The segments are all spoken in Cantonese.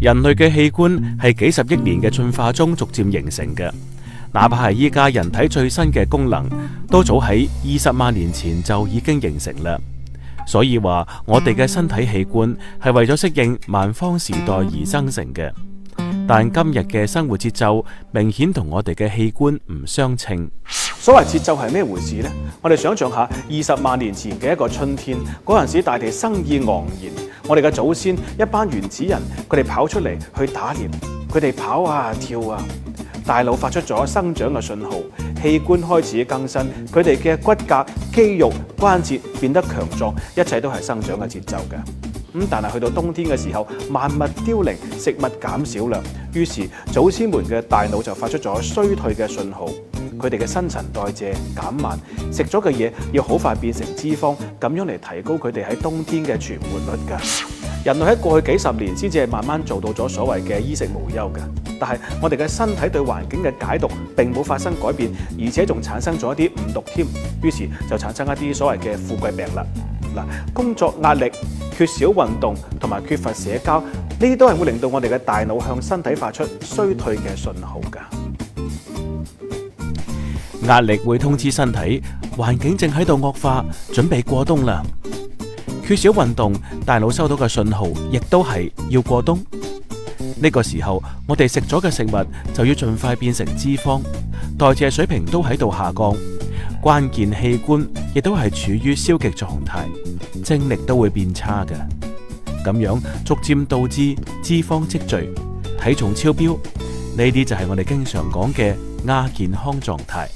人類嘅器官係幾十億年嘅進化中逐漸形成嘅，哪怕係依家人體最新嘅功能，都早喺二十萬年前就已經形成啦。所以話我哋嘅身體器官係為咗適應萬方時代而生成嘅，但今日嘅生活節奏明顯同我哋嘅器官唔相稱。所謂節奏係咩回事呢？我哋想象下二十萬年前嘅一個春天，嗰陣時大地生意盎然。我哋嘅祖先一班原始人，佢哋跑出嚟去打獵，佢哋跑啊跳啊，大腦發出咗生長嘅信號，器官開始更新，佢哋嘅骨骼、肌肉、關節變得強壯，一切都係生長嘅節奏嘅。咁，嗯，但係去到冬天嘅時候，萬物凋零，食物減少量，於是祖先們嘅大腦就發出咗衰退嘅信號。佢哋嘅新陳代謝減慢，食咗嘅嘢要好快變成脂肪，咁樣嚟提高佢哋喺冬天嘅存活率㗎。人類喺過去幾十年先至係慢慢做到咗所謂嘅衣食無憂㗎，但係我哋嘅身體對環境嘅解讀並冇發生改變，而且仲產生咗一啲誤讀添，於是就產生了一啲所謂嘅富貴病啦。嗱，工作壓力、缺少運動同埋缺乏社交，呢啲都係會令到我哋嘅大腦向身體發出衰退嘅信號㗎。壓力會通知身體，環境正喺度惡化，準備過冬啦。缺少運動，大腦收到嘅信號亦都係要過冬。呢個時候，我哋食咗嘅食物就要盡快變成脂肪，代謝水平都喺度下降，關鍵器官亦都係處於消極狀態，精力都會變差嘅。咁樣逐漸導致脂肪積聚，體重超標，呢啲就係我哋經常講嘅亞健康狀態。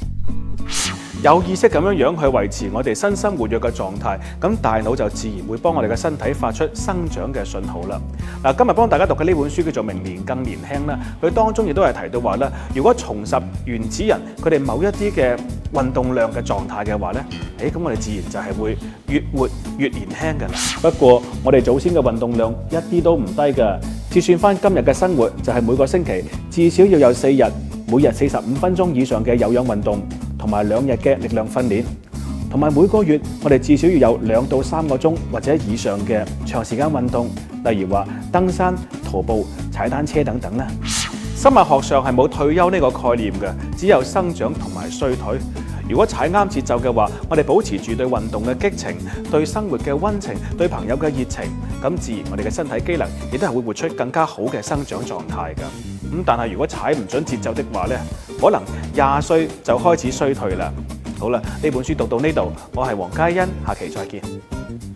有意識咁樣樣去維持我哋身心活躍嘅狀態，咁大腦就自然會幫我哋嘅身體發出生長嘅信號啦。嗱，今日幫大家讀嘅呢本書叫做《明年更年輕》啦，佢當中亦都係提到話咧，如果重拾原始人佢哋某一啲嘅運動量嘅狀態嘅話咧，誒咁我哋自然就係會越活越年輕㗎啦。不過我哋祖先嘅運動量一啲都唔低㗎，計算翻今日嘅生活就係每個星期至少要有四日，每日四十五分鐘以上嘅有氧運動。同埋兩日嘅力量訓練，同埋每個月我哋至少要有兩到三個鐘或者以上嘅長時間運動，例如話登山、徒步、踩單車等等啦。生物學上係冇退休呢個概念嘅，只有生長同埋衰退。如果踩啱節奏嘅話，我哋保持住對運動嘅激情、對生活嘅溫情、對朋友嘅熱情，咁自然我哋嘅身體機能亦都係會活出更加好嘅生長狀態㗎。咁、嗯、但係如果踩唔準節奏的話呢，可能廿歲就開始衰退啦。好啦，呢本書讀到呢度，我係黃嘉欣，下期再見。